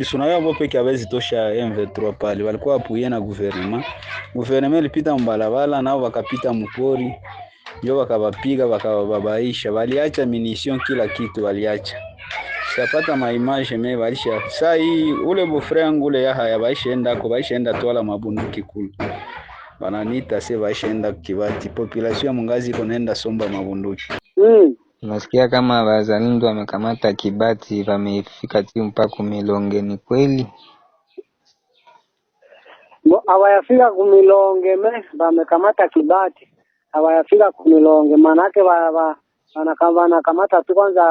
Bandisuna yabo peke abezi tosha M23 pale, walikuwa apuye na guvernema. Guvernema ilipita mbalabala nao wakapita mpori, ndio wakabapiga wakababaisha, waliacha munition kila kitu waliacha. Sitapata maimage me walisha. Sasa hii ule bofre yangu ule ya baisha enda ko baisha twala mabunduki kule. Bananiita se baisha kibati. Population ya Mungazi iko nenda somba mabunduki. Mm. Unasikia kama wazalendo wamekamata kibati wamefika bameifika mpaka kumilonge ni kweli? Hawayafika kumilonge me wamekamata kibati, hawayafika kumilonge maanake wanakamata tu kwanza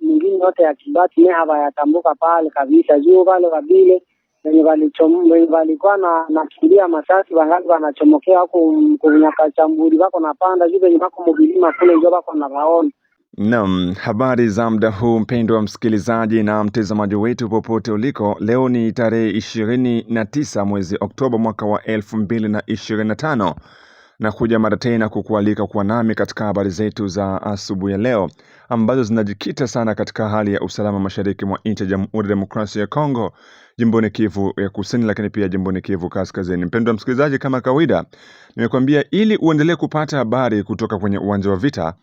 mingine yote ya kibati me hawayatambuka pale kabisa, juu pale kabile wenye walikuwa na nafikiria masasi wangali wanachomokea huko kunyaka chamburi wako napanda juu venye bako muvilima kule njo na nawaona Naam, habari za muda huu mpendwa msikilizaji na mtazamaji wetu popote uliko. Leo ni tarehe 29 mwezi Oktoba mwaka wa 225 na kuja mara tena kukualika kuwa nami katika habari zetu za asubuhi ya leo ambazo zinajikita sana katika hali ya usalama mashariki mwa nchi ya Jamhuri ya Demokrasia ya Kongo, jimboni Kivu ya Kusini, lakini pia jimboni Kivu Kaskazini. Mpendwa msikilizaji, kama kawaida, nimekuambia ili uendelee kupata habari kutoka kwenye uwanja wa vita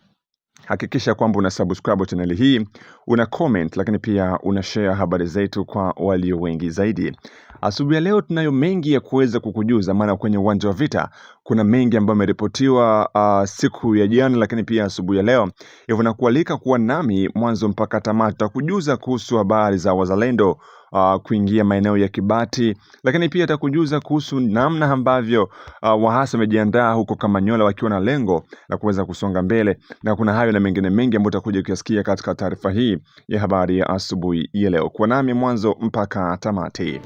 hakikisha kwamba una subscribe chaneli hii, una comment, lakini pia una share habari zetu kwa walio wengi zaidi. Asubuhi ya leo tunayo mengi ya kuweza kukujuza, maana kwenye uwanja wa vita kuna mengi ambayo yameripotiwa uh, siku ya jana, lakini pia asubuhi ya leo. Hivyo nakualika kuwa nami mwanzo mpaka tamati. Tutakujuza kuhusu habari za wazalendo Uh, kuingia maeneo ya Kibati, lakini pia atakujuza kuhusu namna ambavyo uh, wahasi wamejiandaa huko Kamanyola wakiwa na lengo la kuweza kusonga mbele, na kuna hayo na mengine mengi ambayo utakuja kuyasikia katika taarifa hii ya habari ya asubuhi ya leo. Kuwa nami mwanzo mpaka tamati.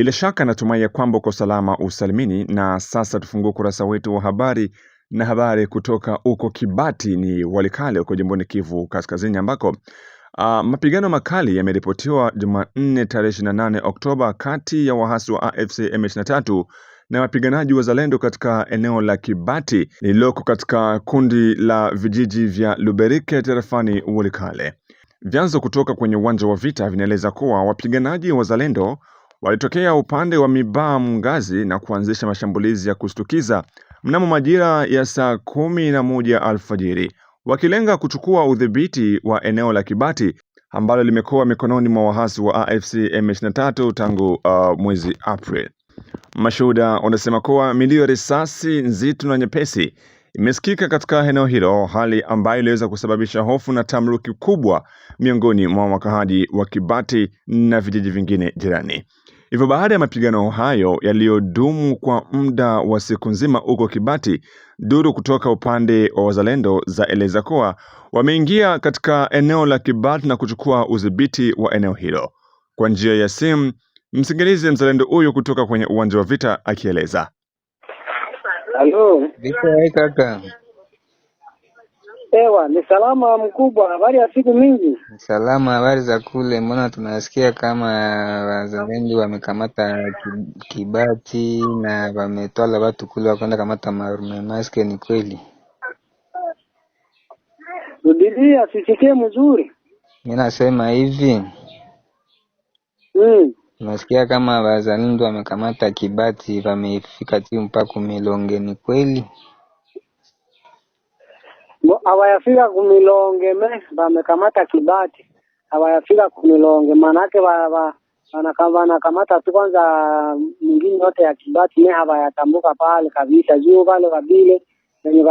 Bila shaka natumai ya kwamba uko salama usalimini, na sasa tufungue ukurasa wetu wa habari na habari kutoka huko Kibati ni Walikale huko jimboni Kivu Kaskazini ambako Uh, mapigano makali yameripotiwa Jumanne tarehe 28 Oktoba kati ya waasi wa AFC M23 na wapiganaji wa Zalendo katika eneo la Kibati lililoko katika kundi la vijiji vya Luberike tarafani Walikale. Vyanzo kutoka kwenye uwanja wa vita vinaeleza kuwa wapiganaji wa Zalendo walitokea upande wa Mibaa Mngazi na kuanzisha mashambulizi ya kushtukiza mnamo majira ya saa kumi na moja alfajiri wakilenga kuchukua udhibiti wa eneo la Kibati ambalo limekuwa mikononi mwa waasi wa AFC M23 tangu uh, mwezi april Mashuhuda wanasema kuwa milio ya risasi nzito na nyepesi imesikika katika eneo hilo, hali ambayo iliweza kusababisha hofu na tamruki kubwa miongoni mwa wakahaji wa Kibati na vijiji vingine jirani. Hivyo baada ya mapigano hayo yaliyodumu kwa muda wa siku nzima huko Kibati, duru kutoka upande wa wazalendo zaeleza kuwa wameingia katika eneo la Kibati na kuchukua udhibiti wa eneo hilo. Kwa njia ya simu, msikilize mzalendo huyu kutoka kwenye uwanja wa vita akieleza. Halo, vipi kaka? Ewa, ni salama mkubwa. Habari ya siku mingi? Salama. Habari za kule? Mbona tunasikia kama wazalendo wamekamata Kibati na wametwala watu kule, wakwenda kamata marume maske, ni kweli? Rudilia, sisikie mzuri. Mi nasema hivi mm. Tunasikia kama wazalendo wamekamata Kibati, wamefika tu mpaka Milonge, ni kweli? hawayafika kumilonge me vamekamata kibati hawayafika kumilonge, maanake wanakamata tu kwanza mingine yote ya kibati me hawayatambuka pale kabisa, juu pale wabile wenye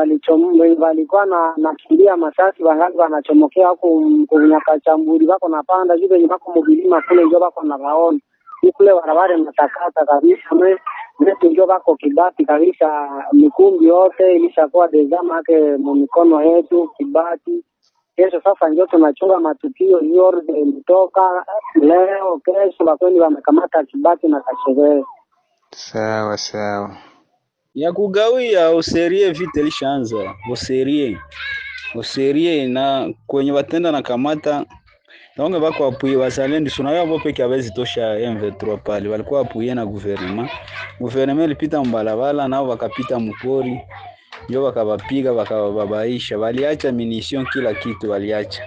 walikuwa na nakimbia masasi wangali wanachomokea huku kunyaka chamburi wako napanda juu wenye wako muvilima kule njo wako na vaona ni kule barabara matakata kabisa me Messi njo vako kibati kabisa, mikumbi yote ilishakuwa dezama yake mumikono yetu kibati. Kesho sasa ndio tunachunga matukio, yorde ilitoka leo, kesho bakweni wamekamata kibati na Kashegewe. Sawa sawa, ya kugawia userie vite lishaanza userie userie na kwenye watenda na kamata donc bako apuye wazalendo sunayo abo peke abezitosha M23 pale, walikuwa apuye na guvernema. Guvernema ilipita mbalabala, nao wakapita mpori, ndio wakabapiga wakababaisha, waliacha munition, kila kitu waliacha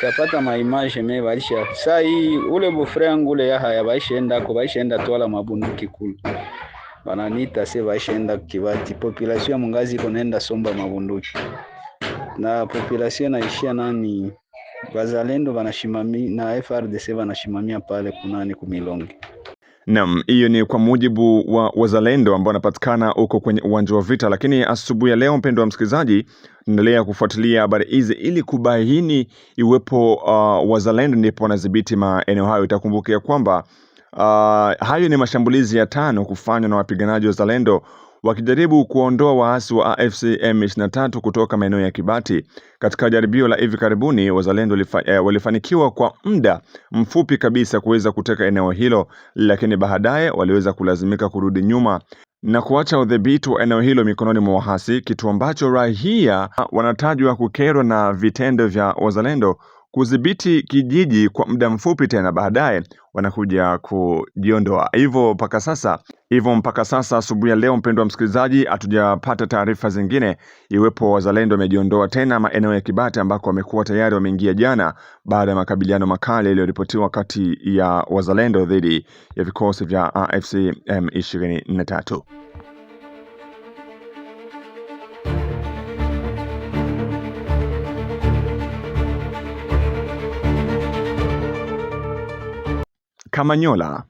Tapata maimage me baisha sai ule bofrengu ule yaha ya baisha enda ko baisha enda twala mabunduki kulu bananita se baisha enda kibati population ya mungazi iko nenda somba mabunduki na population naishia nani Wazalendo wanashimamia na FRDC wanashimamia pale kunani kumilongi Naam, hiyo ni kwa mujibu wa wazalendo ambao wanapatikana huko kwenye uwanja wa vita. Lakini asubuhi ya leo, mpendo wa msikilizaji, endelea kufuatilia habari hizi ili kubaini iwepo uh, wazalendo ndipo wanadhibiti maeneo hayo. Itakumbuka kwamba uh, hayo ni mashambulizi ya tano kufanywa na wapiganaji wa wazalendo wakijaribu kuondoa waasi wa AFC M23 kutoka maeneo ya Kibati. Katika jaribio la hivi karibuni, wazalendo eh, walifanikiwa kwa muda mfupi kabisa kuweza kuteka eneo hilo, lakini baadaye waliweza kulazimika kurudi nyuma na kuacha udhibiti wa eneo hilo mikononi mwa waasi, kitu ambacho raia wanatajwa kukerwa na vitendo vya wazalendo kudhibiti kijiji kwa muda mfupi, tena baadaye wanakuja kujiondoa. Hivyo mpaka sasa, hivyo mpaka sasa asubuhi ya leo, mpendwa msikilizaji, hatujapata taarifa zingine iwepo wazalendo wamejiondoa tena maeneo ya Kibata ambako wamekuwa tayari wameingia jana, baada ya makabiliano makali yaliyoripotiwa kati ya wazalendo dhidi ya vikosi vya AFC M23. Kamanyola.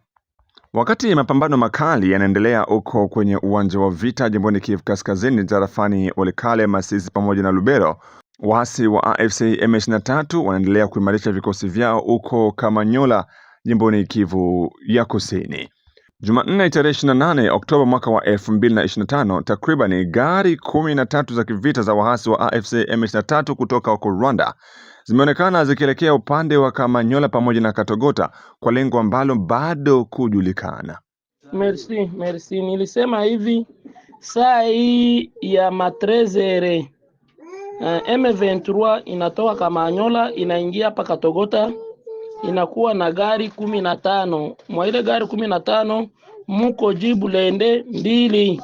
Wakati mapambano makali yanaendelea huko kwenye uwanja wa vita jimboni Kivu Kaskazini, tarafani Walikale, Masisi pamoja na Lubero, waasi wa AFC M23 wanaendelea kuimarisha vikosi vyao huko Kamanyola jimboni Kivu ya Kusini. Jumanne tarehe 28 Oktoba mwaka wa 2025, takriban gari 13 za kivita za waasi wa AFC M23 kutoka huko Rwanda zimeonekana zikielekea upande wa Kamanyola pamoja na Katogota kwa lengo ambalo bado kujulikana. Merci, merci. Nilisema hivi saa hii ya matrezere eh, M23 inatoka Kamanyola inaingia hapa Katogota inakuwa na gari kumi na tano. Mwa ile gari kumi na tano muko jibu lende mbili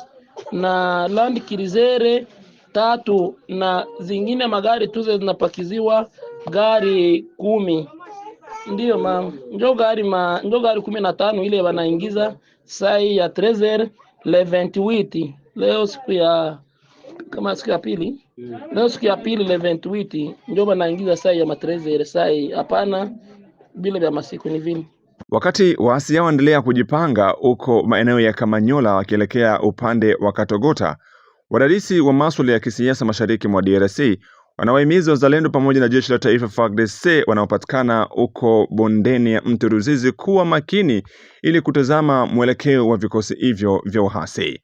na land krizere tatu na zingine magari tuze zinapakiziwa gari kumi Ndio ma njo gari ma njo gari kumi na tano ile wanaingiza sai ya trezer le 28 leo siku ya kama siku ya pili leo siku ya pili le 28 njo wanaingiza sai ya matrezer sai hapana bila vya masiku ni vini Wakati waasi hao waendelea kujipanga huko maeneo ya Kamanyola wakielekea upande wa Katogota, wadadisi wa masuala ya kisiasa mashariki mwa DRC Wanawahimiza wazalendo pamoja na jeshi la taifa FARDC wanaopatikana huko bondeni ya mto Ruzizi kuwa makini ili kutazama mwelekeo wa vikosi hivyo vya uhasi.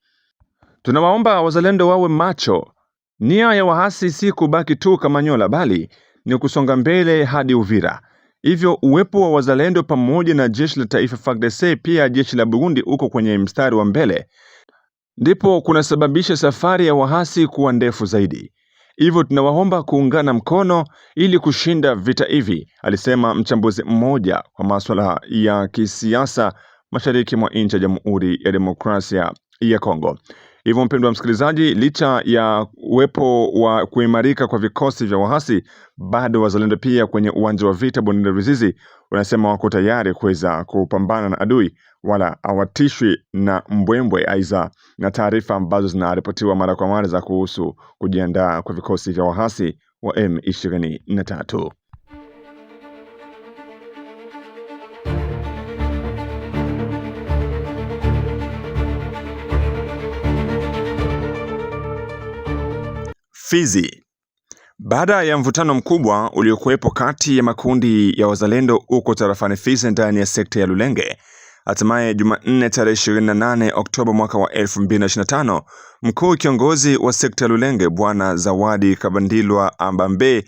Tunawaomba wazalendo wawe macho. Nia ya waasi si kubaki tu Kamanyola bali ni kusonga mbele hadi Uvira. Hivyo uwepo wa wazalendo pamoja na jeshi la taifa FARDC pia jeshi la Burundi uko kwenye mstari wa mbele ndipo kunasababisha safari ya waasi kuwa ndefu zaidi hivyo tunawaomba kuungana mkono ili kushinda vita hivi, alisema mchambuzi mmoja wa masuala ya kisiasa mashariki mwa nchi ya Jamhuri ya Demokrasia ya Kongo. Hivyo mpendwa msikilizaji, licha ya uwepo wa kuimarika kwa vikosi vya waasi, bado wazalendo pia kwenye uwanja wa vita bonde la Ruzizi wanasema wako tayari kuweza kupambana na adui, wala hawatishwi na mbwembwe aiza na taarifa ambazo zinaripotiwa mara kwa mara za kuhusu kujiandaa kwa vikosi vya waasi wa M23. Fizi. Baada ya mvutano mkubwa uliokuwepo kati ya makundi ya wazalendo huko tarafani Fizi ndani ya sekta ya Lulenge, hatimaye Jumanne tarehe 28 Oktoba mwaka wa 2025, mkuu kiongozi wa sekta ya Lulenge Bwana Zawadi Kabandilwa Ambambe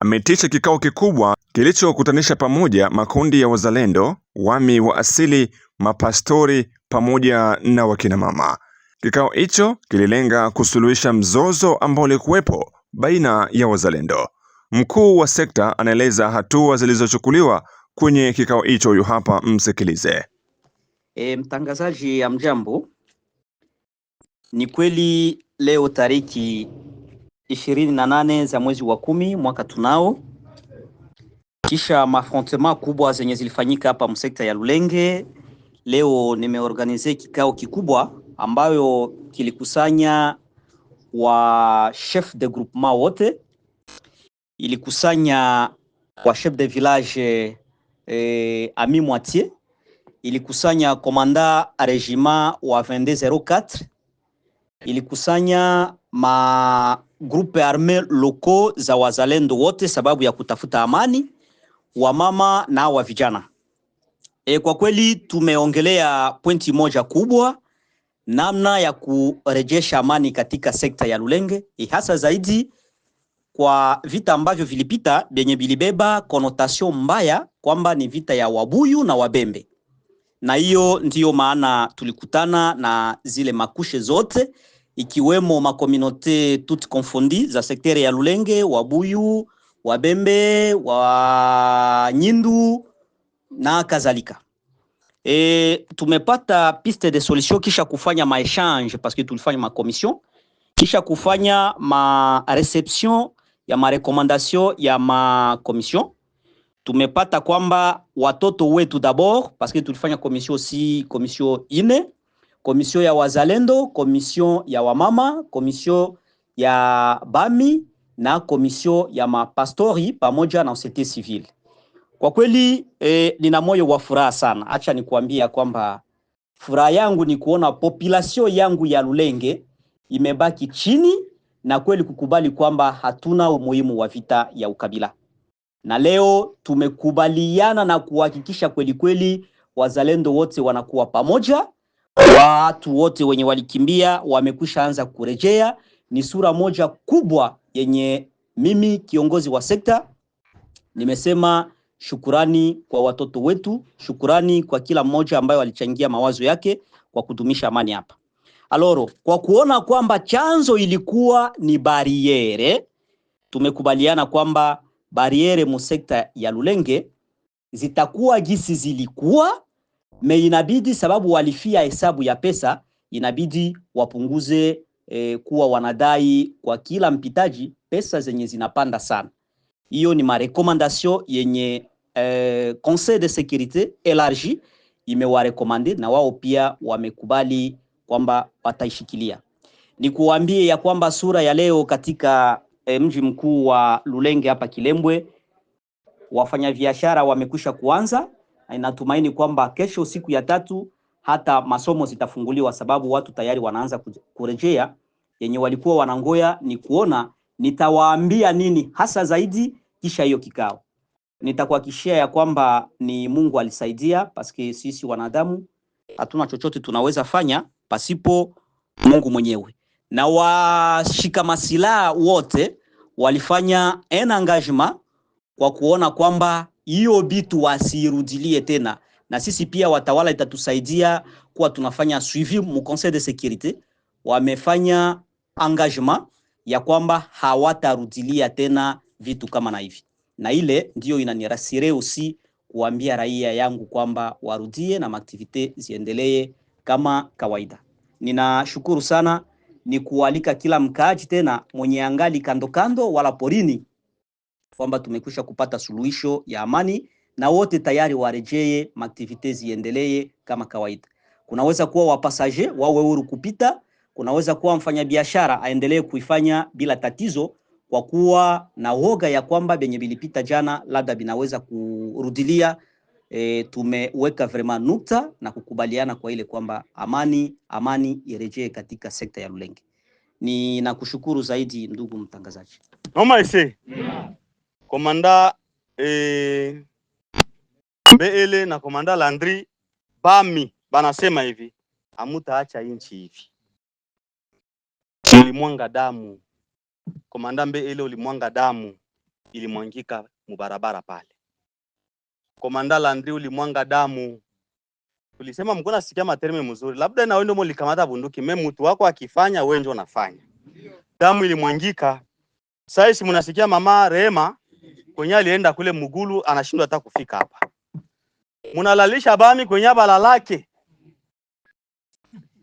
ameitisha kikao kikubwa kilichokutanisha pamoja makundi ya wazalendo, wami wa asili, mapastori pamoja na wakinamama. Kikao hicho kililenga kusuluhisha mzozo ambao ulikuwepo baina ya wazalendo. Mkuu wa sekta anaeleza hatua zilizochukuliwa kwenye kikao hicho, huyu hapa, msikilize. E, mtangazaji ya mjambo. Ni kweli leo tariki ishirini na nane za mwezi wa kumi mwaka tunao, kisha mafrontema kubwa zenye zilifanyika hapa msekta ya Lulenge, leo nimeorganize kikao kikubwa ambayo kilikusanya wa chef de groupement wote, ilikusanya wa chef de village eh, ami moitié, ilikusanya komanda regiment wa 2204 ilikusanya ma groupe arme loko za wazalendo wote, sababu ya kutafuta amani, wa mama na wa vijana. E, kwa kweli tumeongelea pointi moja kubwa namna ya kurejesha amani katika sekta ya Lulenge, eh, hasa zaidi kwa vita ambavyo vilipita vyenye vilibeba konotasio mbaya kwamba ni vita ya Wabuyu na Wabembe, na hiyo ndiyo maana tulikutana na zile makushe zote ikiwemo makominote toute confondi za sekteri ya Lulenge, Wabuyu, Wabembe, Wanyindu na kadhalika. Et pas tumepata piste de solution kisha kufanya maechange paske tulifanya que kisha kufanya ma commission. reception ya ta ya ou Tumepata kwamba watoto tout d'abord, paske tulifanya commission si commission ine, commission, ya wazalendo, commission ya wamama, commission ya bami na commission ya mapastori pamoja na société civile. Kwa kweli eh, nina moyo wa furaha sana. Acha nikuambia kwamba furaha yangu ni kuona populasio yangu ya Lulenge imebaki chini na kweli kukubali kwamba hatuna umuhimu wa vita ya ukabila, na leo tumekubaliana na kuhakikisha kweli kweli wazalendo wote wanakuwa pamoja. Watu wote wenye walikimbia wamekwisha anza kurejea. Ni sura moja kubwa yenye mimi kiongozi wa sekta nimesema Shukurani kwa watoto wetu, shukurani kwa kila mmoja ambaye alichangia mawazo yake kwa kudumisha amani hapa Aloro. Kwa kuona kwamba chanzo ilikuwa ni bariere, tumekubaliana kwamba bariere mu sekta ya Lulenge zitakuwa gisi zilikuwa me, inabidi sababu walifia hesabu ya pesa, inabidi wapunguze e, kuwa wanadai kwa kila mpitaji pesa zenye zinapanda sana. Hiyo ni marekomandasyo yenye eh, Conseil de élargi imewa imewarekomandi na wao pia wamekubali kwamba wataishikilia. Ni kuambie ya kwamba sura ya leo katika eh, mji mkuu wa Lulenge hapa Kilembwe, wafanyabiashara wamekwisha kuanza na inatumaini kwamba kesho siku ya tatu hata masomo zitafunguliwa, sababu watu tayari wanaanza kurejea. Yenye walikuwa wanangoya ni kuona nitawaambia nini hasa zaidi kisha hiyo kikao nitakuhakishia ya kwamba ni Mungu alisaidia, paske sisi wanadamu hatuna chochote tunaweza fanya pasipo Mungu mwenyewe. Na washika masilaha wote walifanya en engagement kwa kuona kwamba hiyo bitu wasirudilie tena, na sisi pia watawala itatusaidia kuwa tunafanya suivi mu conseil de securite. Wamefanya engagement ya kwamba hawatarudilia tena vitu kama na hivi na ile ndiyo inanirasire usi kuambia raia yangu kwamba warudie na maaktivite ziendelee kama kawaida. Ninashukuru sana, ni kualika kila mkaaji tena mwenye angali kando kando wala porini kwamba tumekwisha kupata suluhisho ya amani na wote tayari warejee, maaktivite ziendelee kama kawaida. Kunaweza kuwa wapasaje wawe huru kupita, kunaweza kuwa mfanyabiashara aendelee kuifanya bila tatizo, kwa kuwa na uoga ya kwamba benye bilipita jana labda binaweza kurudilia. E, tumeweka vraiment nukta na kukubaliana kwa ile kwamba amani amani irejee katika sekta ya Lulenge. Ninakushukuru zaidi ndugu mtangazaji. Noma ese komanda eh, Mbele na komanda Landri Bami banasema hivi, amutaacha inchi hivi, ilimwanga damu komanda mbe ile ulimwanga damu ilimwangika mubarabara pale. Komanda Landri ulimwanga damu, tulisema mko sikia materme mzuri, labda na wendo ndio mlikamata bunduki, mimi mtu wako akifanya wewe ndio unafanya. Damu ilimwangika. Sasa mnasikia mama Rehema kwenye alienda kule Mugulu, anashindwa hata kufika hapa. Munalalisha bami kwenye balalake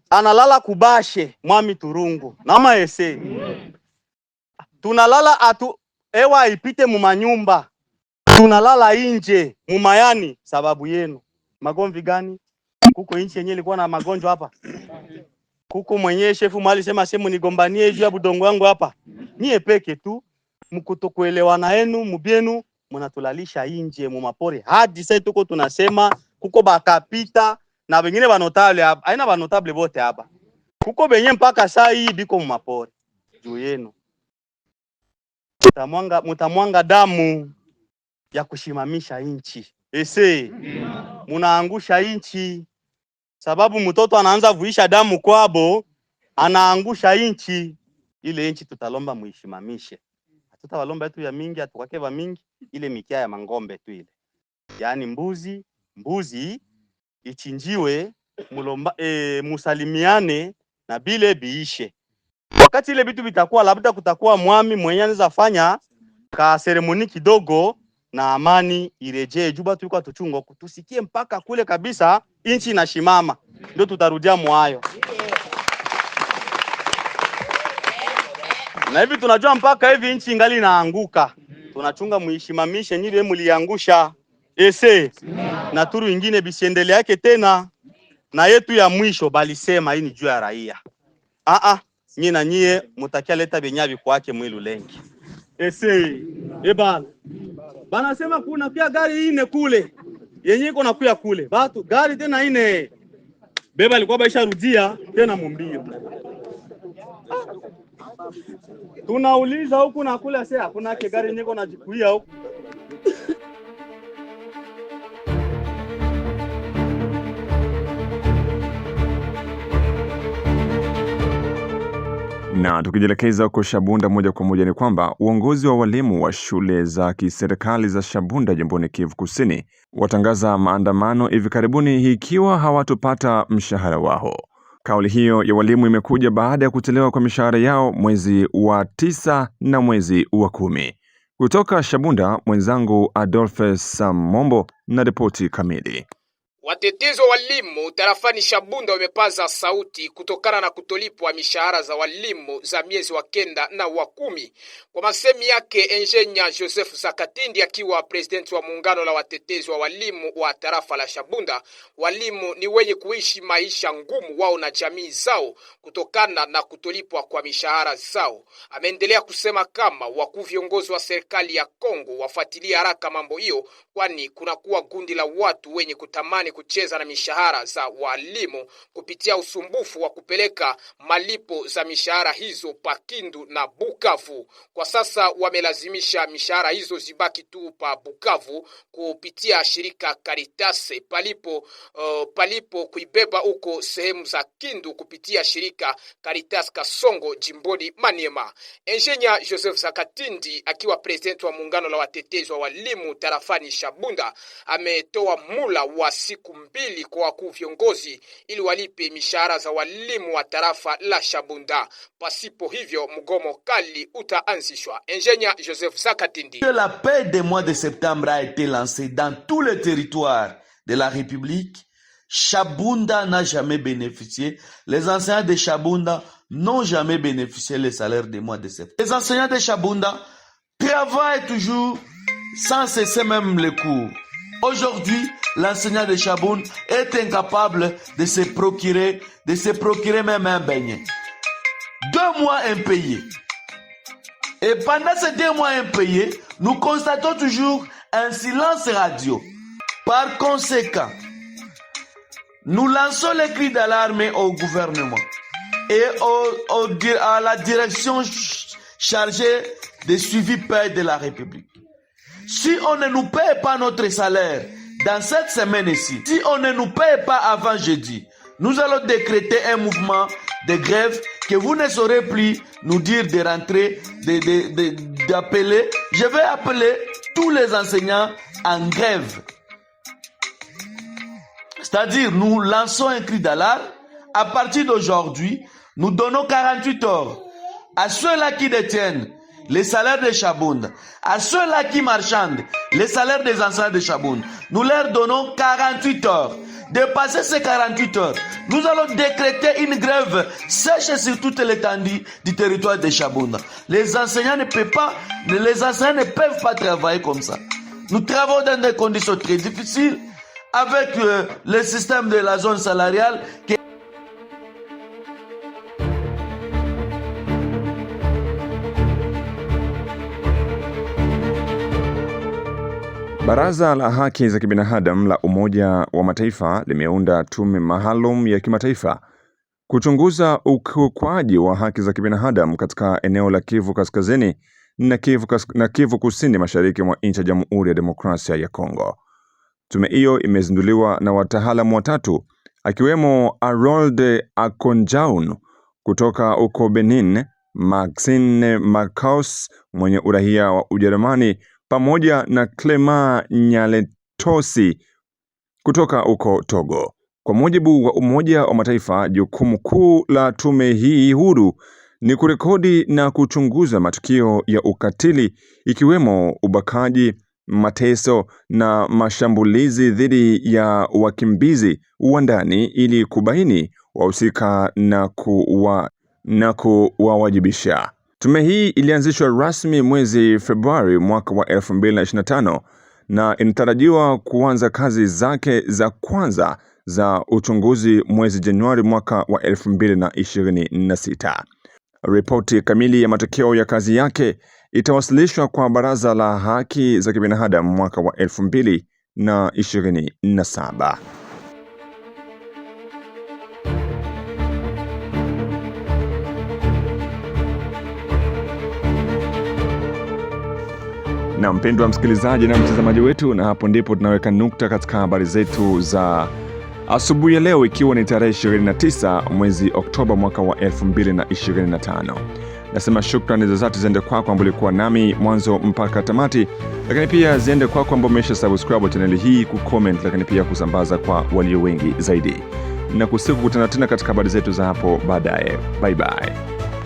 analala kubashe mwami turungu nama ese tunalala atu ewa ipite mumanyumba, tunalala inje mumayani sababu yenu. Magomvi gani? Kuko inchi yenyewe ilikuwa na magonjwa hapa, kuko mwenyewe shefu mali sema sema nigombanie juu ya budongo wangu hapa, nie peke tu mkutokuelewana yenu mubyenu munatulalisha inje mumapori hadi sasa tuko tunasema, kuko bakapita na wengine banotable hapa, aina banotable bote hapa, kuko benye mpaka saa hii biko mumapori juu yenu. Mutamwanga, mutamwanga damu ya kushimamisha nchi ese, munaangusha nchi sababu mtoto anaanza vuisha damu kwabo, anaangusha nchi ile. nchi tutalomba muishimamishe, hatutawalomba tu ya mingi, atukakeva mingi, ile mikia ya mangombe tu ile, yaani mbuzi mbuzi ichinjiwe mulomba, e, musalimiane na bile biishe Wakati ile vitu vitakuwa, labda kutakuwa mwami mwenye anaweza fanya ka seremoni kidogo na amani irejee Juba. Tulikuwa tuchungo tusikie mpaka kule kabisa inchi na shimama, ndio tutarudia mwayo na hivi tunajua mpaka hivi nchi ingali inaanguka, tunachunga muishimamishe nyinyi muliangusha ese na turu ingine bisiendele yake tena, na yetu ya mwisho balisema hii ni juu ya raia. Ah, ah nyi na nyie mutakia leta benyabi kwake mwilu lengi ese ebana banasema kuna pia gari ine kule yenye iko na kuya kule batu gari tena ine beba alikuwa baisha rudia tena mumbio tunauliza huku na kule, ase hakuna ke gari yenye iko na jikuia huku Na tukijielekeza huko Shabunda moja kwa moja ni kwamba uongozi wa walimu wa shule za kiserikali za Shabunda jimboni Kivu Kusini watangaza maandamano hivi karibuni ikiwa hawatopata mshahara wao. Kauli hiyo ya walimu imekuja baada ya kutelewa kwa mishahara yao mwezi wa tisa na mwezi wa kumi. Kutoka Shabunda, mwenzangu Adolphe Samombo na ripoti kamili. Watetezi wa walimu tarafani Shabunda wamepaza sauti kutokana na kutolipwa mishahara za walimu za miezi wa kenda na wa kumi. Kwa masemi yake Enjenya Joseph Sakatindi, akiwa presidenti wa muungano la watetezi wa walimu wa tarafa la Shabunda, walimu ni wenye kuishi maisha ngumu wao na jamii zao kutokana na kutolipwa kwa mishahara zao. Ameendelea kusema kama wakuu viongozi wa serikali ya Kongo wafuatilie haraka mambo hiyo, kwani kunakuwa kundi la watu wenye kutamani kucheza na mishahara za walimu kupitia usumbufu wa kupeleka malipo za mishahara hizo Pakindu na Bukavu. Kwa sasa wamelazimisha mishahara hizo zibaki tu pa Bukavu kupitia shirika Karitase palipo, uh, palipo kuibeba huko sehemu za Kindu kupitia shirika Karitas Kasongo jimboni Maniema. Enjenya Joseph Zakatindi akiwa president wa muungano la watetezi wa walimu tarafani Shabunda ametoa mula wa siku que la Shabunda. paix des mois de septembre a été lancée dans tout le territoire de la République. Shabunda n'a jamais bénéficié. Les enseignants de Shabunda n'ont jamais bénéficié les salaires des mois de septembre. Les enseignants de Shabunda travaillent toujours sans cesser même les cours. Aujourd'hui, l'enseignant de Chaboun est incapable de se procurer, de se procurer même un beignet. Deux mois impayés. Et pendant ces deux mois impayés, nous constatons toujours un silence radio. Par conséquent, nous lançons les cris d'alarme au gouvernement et à la direction chargée des suivi paix de la République. Si on ne nous paye pas notre salaire dans cette semaine ici, si on ne nous paye pas avant jeudi, nous allons décréter un mouvement de grève que vous ne saurez plus nous dire de rentrer, d'appeler. De, de, Je vais appeler tous les enseignants en grève. C'est-à-dire, nous lançons un cri d'alarme. À partir d'aujourd'hui, nous donnons 48 heures à ceux-là qui détiennent les salaires de Chaboun, à ceux-là qui marchandent, les salaires des enseignants de Chaboun, nous leur donnons 48 heures. passer ces 48 heures, nous allons décréter une grève sèche sur toute l'étendue du territoire de Chaboun. Les enseignants ne peuvent pas, les enseignants ne peuvent pas travailler comme ça. Nous travaillons dans des conditions très difficiles avec euh, le système de la zone salariale Baraza la Haki za Kibinadamu la Umoja wa Mataifa limeunda tume maalum ya kimataifa kuchunguza ukiukwaji wa haki za kibinadamu katika eneo la Kivu Kaskazini na Kivu, kas na Kivu Kusini Mashariki mwa nchi ya Jamhuri ya Demokrasia ya Kongo. Tume hiyo imezinduliwa na wataalamu watatu akiwemo Harold Akonjaun kutoka uko Benin, Maxine Marcaus mwenye uraia wa Ujerumani pamoja na klema Nyaletosi kutoka huko Togo. Kwa mujibu wa Umoja wa Mataifa, jukumu kuu la tume hii huru ni kurekodi na kuchunguza matukio ya ukatili ikiwemo ubakaji, mateso na mashambulizi dhidi ya wakimbizi wa ndani ili kubaini wahusika na kuwawajibisha. Tume hii ilianzishwa rasmi mwezi Februari mwaka wa 2025 na inatarajiwa kuanza kazi zake za kwanza za uchunguzi mwezi Januari mwaka wa 2026. Ripoti kamili ya matokeo ya kazi yake itawasilishwa kwa Baraza la Haki za Kibinadamu mwaka wa 2027. na mpendwa msikilizaji na mtazamaji wetu, na hapo ndipo tunaweka nukta katika habari zetu za asubuhi ya leo, ikiwa ni tarehe 29 mwezi Oktoba mwaka wa 2025. Nasema shukrani za dhati ziende kwako ambao ulikuwa nami mwanzo mpaka tamati, lakini pia ziende kwako ambao umesha subscribe chaneli hii, kucomment, lakini pia kusambaza kwa walio wengi zaidi, na kusiku kukutana tena katika habari zetu za hapo baadaye. Bye bye.